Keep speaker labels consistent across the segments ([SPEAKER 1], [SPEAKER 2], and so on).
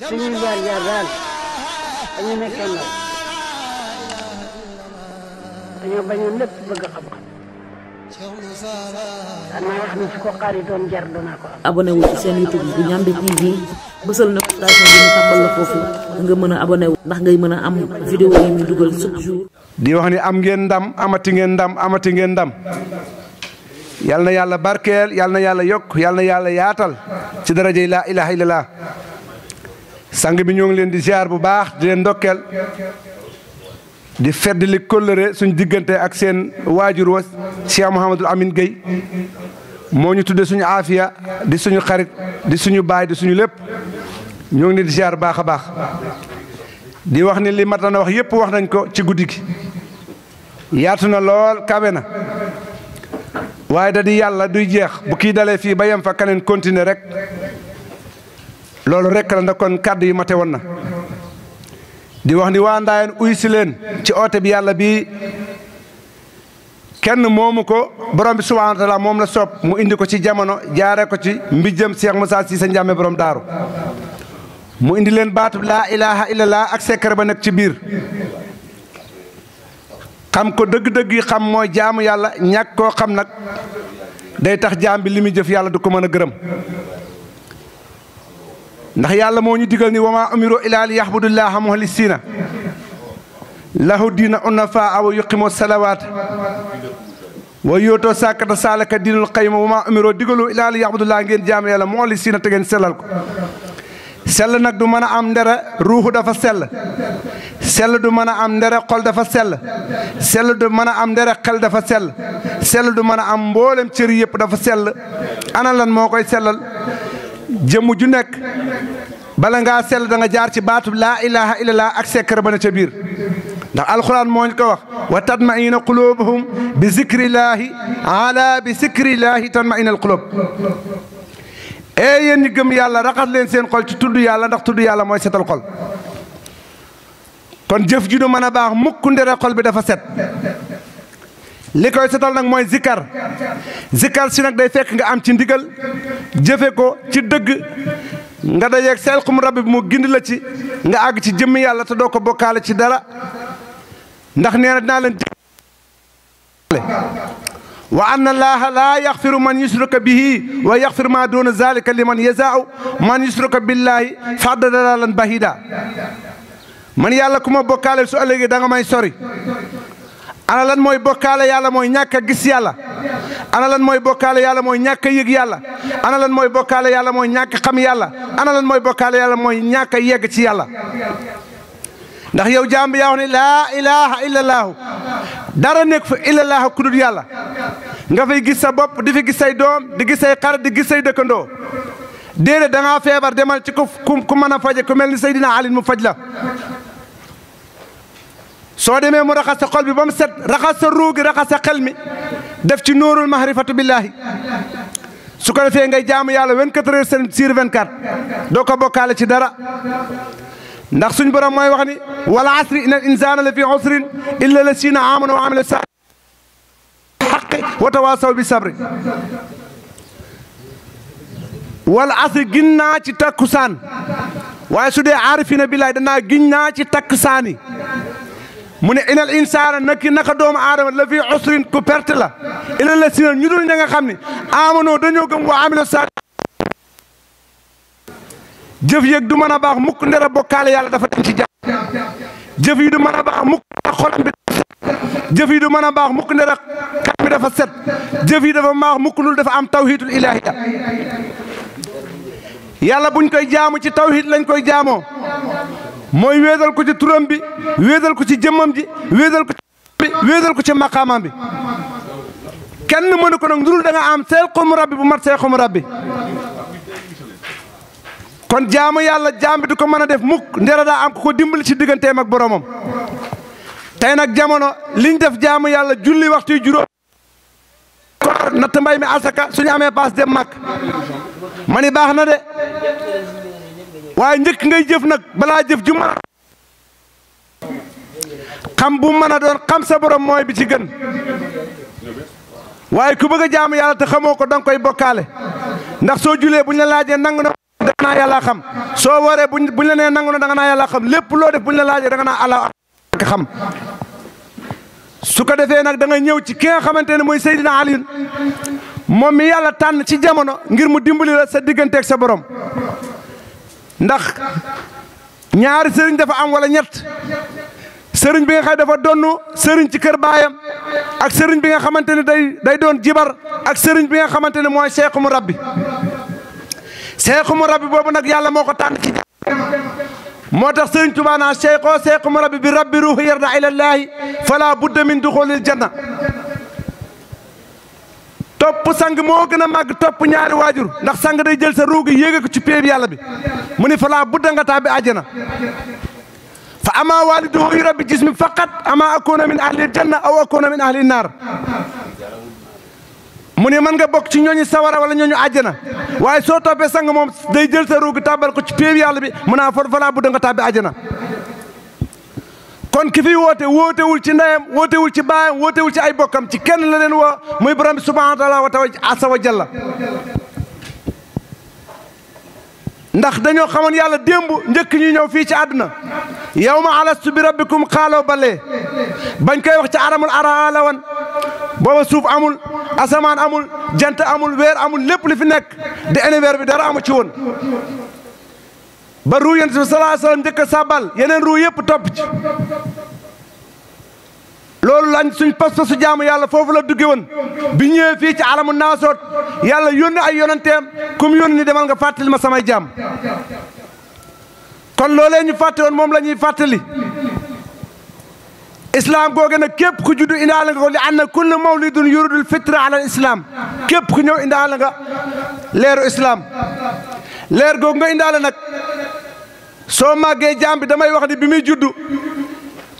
[SPEAKER 1] suñuy jaar jaar daal dañu nekkee ne su ko am abonné wu ci seen youtube bu ñambi tv na station bi ñu la nga wu ndax ngay am vidéo yi ñu dugal chaque jour di wax ni am ngeen ndam amati ngeen ndam amati ngeen ndam yal na yàlla barkeel yal na yàlla yokk na yaatal ci ilaha illallah sang bi ñoo ngi leen di jaar bu baax di leen ndokkeel di fedd li kóllëre suñ diggante ak seen waajur wa Cheikh Mouhamadul Amin géey moo ñu tudde suñu aafiya di suñu xarit di suñu baay di suñu lépp ñoo ngi leen di ziar baax a baax di wax ni li matana wax yépp wax nañ ko ci guddi gi yaatu na lool kawe na waaye da di yàlla duy jeex bu kii dalee fii ba yem fa keneen continuer rek loolu rek la nag kon kàddu yi mate woon na di wax ni waa Ndaayeen uy si leen ci oote bi yàlla bi kenn moomu ko borom bi subhaanahu wa moom la soob mu indi ko ci jamono jaare ko ci mbijjëm Cheikh Moussa sa Ndiamé borom daaru mu indi leen baatu laa ilaha illallah ak secret ba nekk ci biir xam ko dëgg-dëgg yi xam mooy jaamu yàlla ñàkk koo xam nag day tax jaam bi li muy jëf yàlla du ko mën a gërëm ndax yàlla moo ñu digal ni wama umiru ilaa li yaxbudullaha muxlisiina lahu diina unafa aw yuqimu salawaat wa yootoo sàkkata saalaka diinul qayima wama umiru digalu ilaa li yaxbudullaha ngeen jaam yàlla muxlisiina te ngeen sellal ko sell nag du mën a am ndere ruuxu dafa sell sell du mën a am ndere xol dafa sell sell du mën a am ndere xel dafa sell sell du mën a am mboolem cër yëpp dafa sell ana lan moo koy sellal jëmm ju nekk bala nga sel da nga jaar ci baatu la ilaha illa allah ak sekkar bana ci bir ndax alquran mo ñu ko wax wa tatmaina qulubuhum bi zikri allah ala bi zikri allah tatmaina alqulub ee yéen gëm yàlla raxat len seen xol ci tuddu yàlla ndax tuddu yàlla moy setal xol kon jëf ju du mëna a baax mukk ndere xol bi dafa set li koy setal nag mooy zikkar zikkar si nag day fekk nga am ci ndigal jëfe ko ci dëgg nga dajeeg seel xum rabbi mu gindi la ci nga àgg ci jëmmi yàlla te doo ko bokkaale ci dara ndax nee na dinaa leen wa anna allaha laa yaxfiru man yusruka bihi wa yaxfiru ma duna zalika liman yazaau man yusruka billahi fadda dalalan bahida man yàlla ku ma bokkaale su ëllëgee da nga may sori ana lan moy bokale yàlla moy ñaka gis yàlla ana lan moy bokale yàlla moy ñaka yëg yàlla ana lan moy bokale yàlla moy ñaka xam yàlla ana lan moy bokale yàlla moy ñaka yeg ci yàlla ndax yow jaam bi yaa la ilaha illa allah dara nek fa illa allah dul yàlla nga fay gis sa bop di fi gis say dom di gis say xar di gis say dekkando dede da nga febar demal ci ku ku mën faje ku melni sayidina Ali mu fajla soo demee mu raxas sa xol bi ba mu set raxas sa ruugi raxas sa xel def ci nuurul mahrifatu billahi su ko defee ngay jaamu yàlla 24 heures sur 24 doo ko bokkaale ci dara ndax suñ borom mooy wax ni wal asri inal insaana la fi usrin illa la siina amanu wa amilu saalihaati xaqi wa tawaasaw bi sabri wal asri gin naa ci takkusaan waaye su dee aarifina billahi danaa gin naa ci takk takkusaani من إن الإنسان نك نك دوم عارم لا في عصرين كبرتلا إلا لسنا نقول نجع خامني آمنوا دنيو كم وعمل السار جف يقدو منا بع مكن درب بكال يلا دفتن شجع جف يقدو منا بع مكن خلنا جف يقدو منا بع مكن درب كم دفتن جف يقدو منا بع مكن درب أم توحيد الإلهية يلا بنكو إجامو تتوحيد لنكو إجامو mooy wéedal ko ci turam bi wéedal ko ci jëmmam ji wéedal ko ci wéedal ko ci maqaamam bi kenn mënu ko nag ndurul da nga am seel xumu rabbi bu mat seel xumu rabbi kon jaamu yàlla jaam bi ko mën a def muk ndera daa am ko ko dimbali ci digganteem ak boromam tey nag jamono liñ def jaamu yàlla julli waxtu yu juróom natt mbay mi asaka suñu amee paas dem màkk ma baax na de waaye njëkk ngay jëf nag balaa jëf ju xam bu mën a doon xam sa borom mooy bi ci gën waaye ku bëgg a jaamu yàlla te xamoo ko danga koy bokkaale ndax soo julee buñ la laajee nangu na danga naa yàlla xam soo waree buñ la nee nangu na danga naa yàlla xam lépp loo def buñ la laajee danga naa ala ak xam su ko defee nag da ñëw ci ki nga xamante ne mooy Seydina Aliyun moom mi yàlla tànn ci jamono ngir mu dimbali la sa digganteek sa borom ndax ñaari sëriñ dafa am wala ñett sëriñ bi nga xam dafa donn sëriñ ci kër bayam ak sëriñ bi nga xamante day day don jibar ak sëriñ bi nga xamante moy mooy murabbi mu murabbi bobu nak yàlla moko tan ci motax tax sëriñ Tuubaa naa seexoo seexu mu bi rabbi ruhi yarda ila allah fala budda min dukhulil janna top sang mo gëna mag top ñaari wajur ndax sang day jël sa roog yéege ko ci péeb yàlla bi muni fala falaa budda nga tàbbi aljana fa ama walidu yu rabbi jismi faqat ama akuna min ahli janna aw akuna min ahli naar mu ne nga bok ci ñooñu sawara wala ñooñu aljana waaye so topé sang mom day jël sa roog tabal ko ci péeb yàlla bi muna fa falaa budda nga tàbbi aljana kon ki fi woote wootewul ci ndeyam wootewul ci baayam wootewul ci ay bokkam ci kenn la leen woo muy borom bi subhanahu wa taala wa tawa ndax dañoo xamoon yàlla démb njëkk ñu ñëw fii ci àdduna yawma alastu bi rabbikum xaaloo bale bañ koy wax ci aramul ara la booba suuf amul asamaan amul jant amul weer amul lépp li fi nekk di univers bi dara amul ci woon ba ruu yonent bi salaa salaam njëkk a yeneen ruu yëpp topp ci loolu lañ suñ pas-pas su jaamu yàlla foofu la dugge woon bi ñëwee fii ci alamu naasoot yàlla yónni ay yonanteem kum yónni ni demal nga fàttali ma samay jaam kon loolee ñu fàtte moom la ñuy fàttali islaam googe nag képp ku juddu indaale nga ko li anna kullu mawlidun yuridul fitra ala islam képp ku ñëw indaale nga leeru islam leer googu nga indaale nag soo màggee jaam bi damay wax bi muy juddu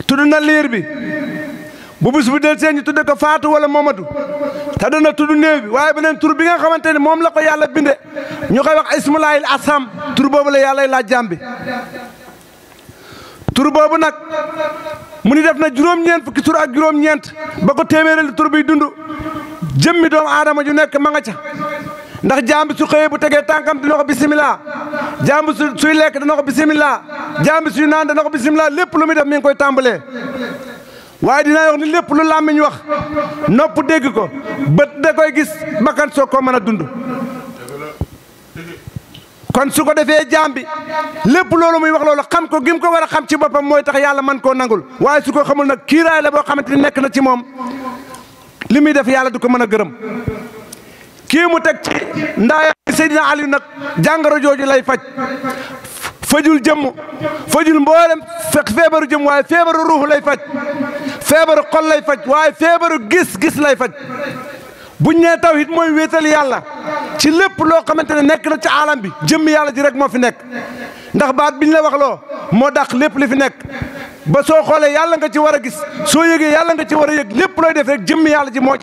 [SPEAKER 1] tudd na liir bi bu bu del seen ñu tudde ko Faatu wala Mamadu te na tudd néew bi waaye beneen tur bi nga xamante ne moom la ko yàlla binde ñu koy wax ismulaayil asam tur boobu la yàlla laaj jaam bi tur boobu nag mu ni def na juróom-ñeent fukki tur ak juróom-ñeent ba ko téeméerali tur biy dund jëmmi doomu aadama ju nekk ma nga ca ndax jaambi su xëyee bu tegee tànkam dina ko bisimila jaambi su suy lekk dina ko bisimila jaambi suy naan dina ko bisimila lépp lu muy def mi koy tàmbalee waaye dinaa wax ni lépp lu làmmiñ wax nopp dégg ko bët da koy gis bakkan soo ko mën a dund kon su ko defee jaam bi lépp loolu muy wax loolu xam ko gim ko war a xam ci boppam mooy tax yàlla man koo nangul waaye su ko xamul nag kiiraay la boo xamante ni nekk na ci moom li muy def yàlla du ko mën a gërëm kii mu teg ci ndaaya Seydina Aliou nag jàngoro jooju lay faj fajul jëmm fajul mboolem fekk feebaru jëmm waaye feebaru ruux lay faj feebaru xol lay faj waaye feebaru gis-gis lay faj buñ nee tawhid mooy wéetal yàlla ci lépp loo xamante ne nekk na ci alam bi jëmm yàlla ji rek moo fi nekk ndax baat biñ la wax loo moo dàq lépp li fi nekk ba soo xoolee yàlla nga ci war a gis soo yëgee yàlla nga ci war a yëg lépp looy def rek jëmm yàlla ji moo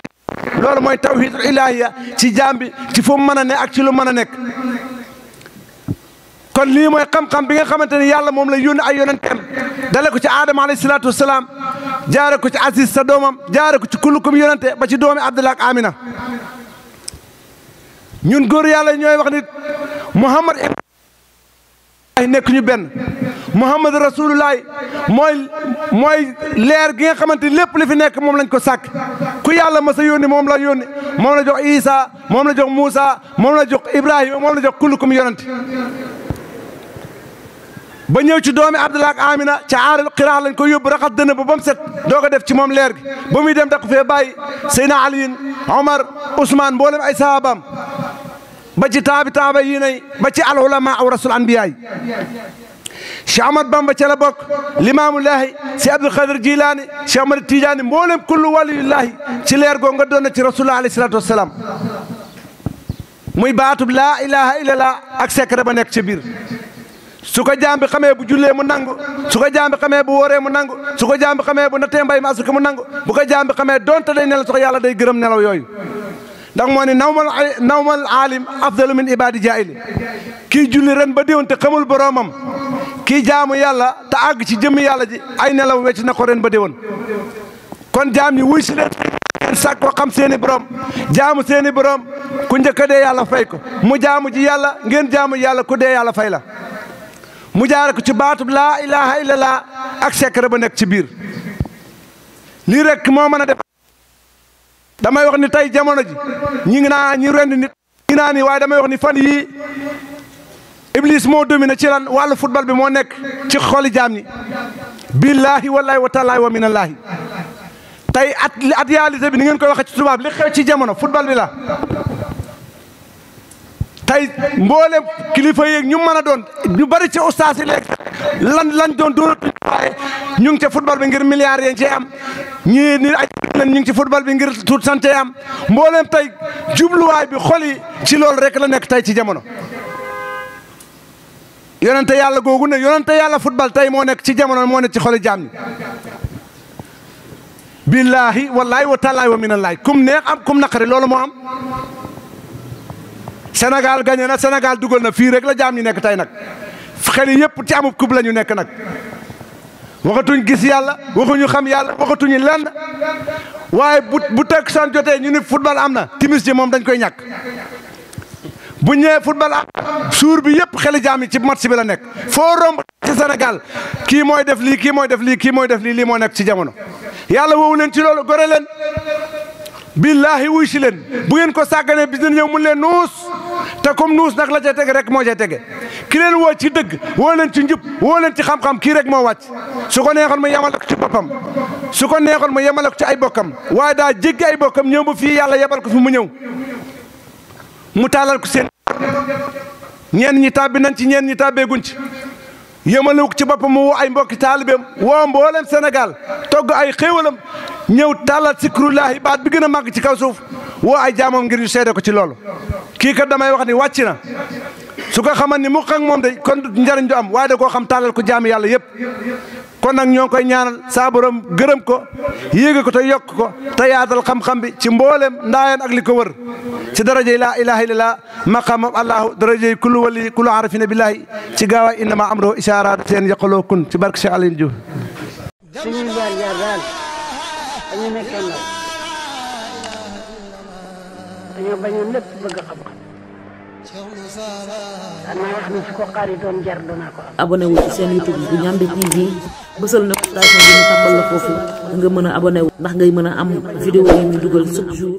[SPEAKER 1] loolu mooy tawhidul ilahiya ci jaam bi ci fu mu mën a ne ak ci lu mën a nekk kon lii mooy xam-xam bi nga xamante ne yàlla moom la yónni ay yonenteem dale ko ci aadama alayhi salaatu wasalaam jaare ko ci Aziz sa doomam jaare ko ci kullukum yonente ba ci doomi Abdullah ak Amina ñun góor yàlla ñooy wax nit Muhammad ay nekk ñu benn Muhammad Rasulullaay mooy mooy leer gi nga xamante ni lépp li fi nekk moom lañ ko sàkk ku yàlla mas a yónni moom la yónni moom la jox Isa moom la jox Moussa moom la jox Ibrahima moom la jox kullukum yonante ba ñëw ci doomi Abdullah ak Amina ca aarul xiraax lañ ko yóbbu raxas dënn ba ba set doo ko def ci moom leer gi ba muy dem da ko fee bàyyi Seydina Aliyin Omar Ousmane mboolem ay sahabaam ba ci taabi taaba yi ba ci al ulama aw rasul anbiyaay Cheikh Ahmad Bamba ca la bokk limaamu laahi si Abdul Xadir Jilaani Cheikh Ahmad Tijaani mboolem kullu waliyu laahi ci leer goo nga doon na ci rasulullah alayhi salaatu wasalaam muy baatub laa ilaha illallah ak secret ba nekk ca biir su ko jaam bi xamee bu jullee mu nangu su ko jaam bi xamee bu wooree mu nangu su ko jaam bi xamee bu nattee mbay ma asuka mu nangu bu ko jaam bi xamee donte day nelaw sax yàlla day gërëm nelaw yooyu ndax moo ne nawmal nawmal aalim afdalu min ibadi jaahili kii julli ren ba déwén te xamul boroomam kii jaamu yàlla te àgg ci jëmm yàlla ji ay nelaw wecc na ko ren ba déwén kon jaam yi wuy si leen leen sàkkoo xam seen i borom jaamu seeni i ku njëkk de dee yàlla fay ko mu jaamu ji yàlla ngeen jaamu yàlla ku de yàlla fay la mu jaare ko ci baatub laa ilaha illallah ak secret ba nekk ci biir lii rek moo mën a def damay wax ni tey jamono ji ñi ngi naa ñi naa ni waaye damay wax ni fan yii ابليس مو دومينا تي والو فوتبال بي تي خولي جامني بالله والله وتعالى ومن الله تاي ات اتياليت بي نين كوي واخا تي لي خيو تي جامونو فوتبال بي لا تاي مبولم كليفا ييك ني مانا دون دي بار تي استاذ ليك لان لان دون دور باي نين تي فوتبال بي غير مليار يان تي ام ني ني لان نين تي فوتبال بي غير توت سانتي ام مبولم تاي جوبلو واي بي خولي تي لول ريك لا نيك تاي تي جامونو yonente yàlla googu nag yonente yàlla football tey moo nekk ci jamono moo nekk ci xoli jaam ñi billaahi wallaahi wa taalaahi wa minallaahi kum neex am kum naqari loolu moo am Sénégal gagné na Sénégal dugal na fii rek la jaam ñi nekk tey nag xel yëpp ci amub kub lañu nekk nag waxatuñ gis yàlla waxuñu xam yàlla waxatuñu lenn waaye bu bu takkusaan jotee ñu ni football am na timis ji moom dañ koy ñàkk bu ñëwee football suur bi yëpp xeli jaam ci match bi la nekk foo romb ci Sénégal kii mooy def lii kii mooy def lii kii mooy def lii lii moo nekk ci jamono yàlla woowu leen ci loolu gore leen billaahi wuy si leen bu ngeen ko sàgganee bis ngeen ñëw mun leen nuus te comme nuus nag la cee tege rek moo ca tege ki leen woo ci dëgg woo leen ci njub woo leen ci xam-xam kii rek moo wàcc su ko neexoon mu yemale ko ci boppam su ko neexoon mu yemale ko ci ay bokkam waaye daa jéggi ay bokkam ñëw ba fii yàlla yebal ko fi mu ñëw mu taalal ko seen ñeen ñi tàbbi nañ ci ñeen ñi tàbbeeguñ ci yëmale ko ci boppam mu woo ay mbokki taalibeem woo mboolem senegal togg ay xéewalam ñëw taalal sikrullaahi baat bi gën a màgg ci kaw suuf woo ay jaamoom ngir ñu seede ko ci loolo kii damay wax ni wàcc na su ko xaman ni mu xam moom de kon njariñ du am waaye da koo xam taalal ko jaami yàlla yëpp kon nak ñong koy ñaanal sa borom gëreem ko yéege ko tay yok ko tay adal xam-xam bi ci mbollem ndayen ak liko wër ci la ilaha illa maqam allahu darajey kullu wali kullu arafina billahi ci inna ma amru isharat sen yaqulu kun ci barke Cheikh Aliou Diouf dana wax ni su ko xari doon jar dana ko abonné wu ci seen youtube bu Ndiamé TV bi ñu tàmbal la foofu nga mën a abonné ndax ngay mën a am vidéo yi ñu dugal chaque jour